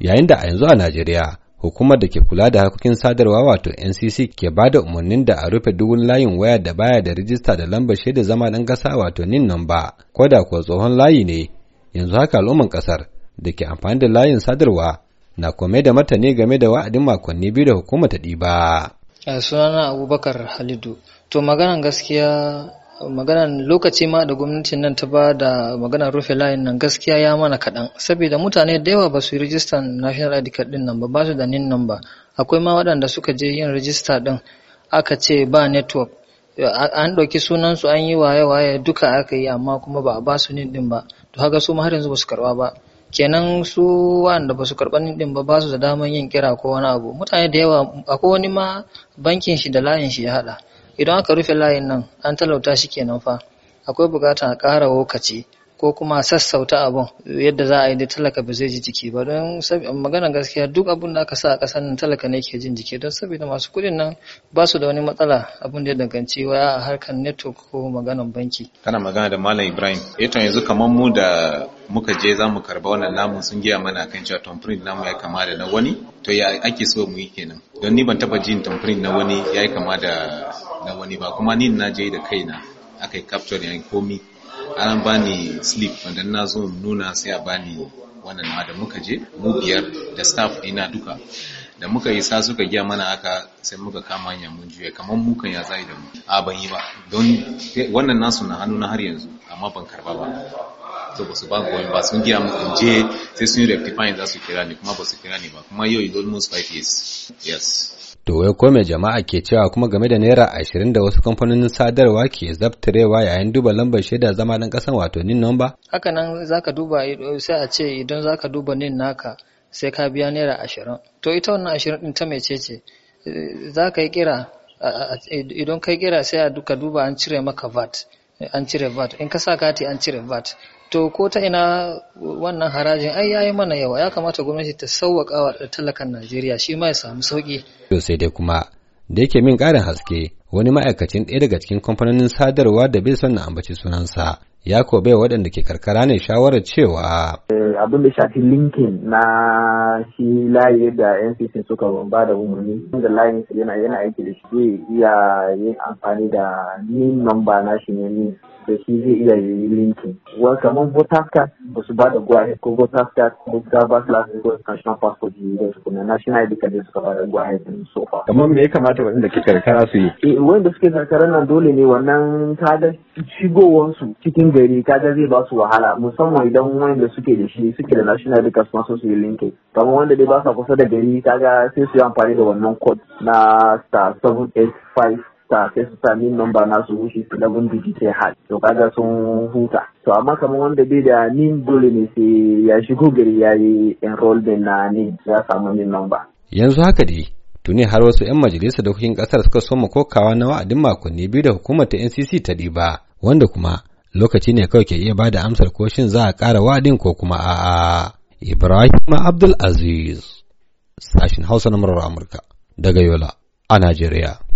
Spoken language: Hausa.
yayin da a yanzu a Najeriya hukumar da ke kula da harkokin sadarwa wato NCC ke ba da umarnin da a rufe duk layin waya da baya da rijista da lambar shaida zama ɗan ƙasa wato NIN namba ko da kuwa tsohon layi ne yanzu haka al'umman ƙasar da ke amfani da layin sadarwa na kome da martani game da wa'adin makonni biyu da hukumar ta ɗiba. sunana Abubakar Halidu to maganar gaskiya maganan lokaci ma da gwamnatin nan ta ba da maganar rufe layin nan gaskiya ya mana kaɗan saboda mutane da yawa ba su yi rijistan national id card din nan ba ba su da nin nan ba akwai ma waɗanda suka je yin rijista din aka ce ba network an ɗauki sunansu an yi waye-waye duka aka yi amma kuma ba a ba su nin din ba to haka su ma har yanzu ba su karɓa ba kenan su wanda ba su karɓa ɗin ba ba su da daman yin kira ko wani abu mutane da yawa akwai wani ma bankin shi da layin shi ya haɗa Idan aka rufe layin nan an talauta shi kenan fa. Akwai bukatan a ƙara lokaci ko kuma sassauta abun yadda za a yi da talaka ba zai ji jiki ba don magana gaskiya duk abun da aka sa a ƙasar nan talaka ne ke jin jiki don saboda masu kuɗin nan ba su da wani matsala abun da ya danganci waya a harkar network ko maganan banki. Kana magana da Malam Ibrahim. Eto eh yanzu kamar mu da muka je za mu karba wannan namun sun gaya mana kan cewa tamfirin namu ya kama da na wani to ya ake so mu yi kenan don ni ban taba jin tamfirin na wani ya kama da na wani ba kuma ni na je da kaina aka yi capture yi komi an ba ni sleep wanda na zo nuna sai a ba ni wannan ma da muka je mu biyar da staff ina duka da muka yi sa suka giya mana aka sai muka kama hanya mun juya kamar muka ya zai da mu a ban yi ba don wannan nasu na hannu na har yanzu amma ban karba ba to ba su ba goyin ba sun giya mu je sai sun yi rectifying za su kira ni kuma ba su kira ni ba kuma yau is almost five years yes To wai ko mai jama'a ke cewa kuma game da naira ashirin da wasu kamfanonin sadarwa ke zabtarewa yayin duba lambar shaida zama ɗan ƙasan wato nin nomba? Haka nan za ka duba sai a ce idan za ka duba nin naka sai ka biya naira ashirin. To ita wannan ashirin ɗin ta mece ce? Za ka yi kira idan kai kira sai a duka duba an cire maka VAT. an cire VAT in ka sa kati an cire VAT to ko ta ina wannan harajin ai yayi mana yawa ya kamata gwamnati ta sauwaka wa talakan Najeriya shi ma ya samu sauki to sai dai kuma da yake min karin haske wani ma'aikacin ɗaya daga cikin kamfanonin sadarwa da bai son na ambaci sunansa ya ko waɗanda ke karkara ne shawarar cewa eh, abin da shafi linkin na shi layi da ncc suka ba da umarni da layin yana yana aiki da shi zai iya yin amfani da nin namba na shi ne da shi zai iya yi linkin wa kamar vote after ba su ba da gwaye ko vote after ko driver's license ko national passport yi da su kuma national id card su ba da gwaye din so far kamar me ya kamata wanda ke karkara su yi eh wanda suke karkara nan dole ne wannan kada shigowar su cikin gari kaga zai ba su wahala musamman idan wanda suke da shi suke da national id card ma su yi linkin kamar wanda dai ba sa kusa da gari kaga sai su yi amfani da wannan code na star 785 ta sai su sami number nasu su is biki sai hal to kaga sun huta to amma kamar wanda bai da nin dole ne sai ya shigo gari ya yi enrollment na ni ya samu nin number yanzu haka dai tuni har wasu 'yan majalisar dokokin kasar suka soma kokawa na wa'adin makonni biyu da hukumar ta ncc ta ɗiba wanda kuma lokaci ne kawai ke iya ba da amsar ko shin za a ƙara wa'adin ko kuma a'a ibrahim abdul aziz sashin hausa na murar amurka daga yola a najeriya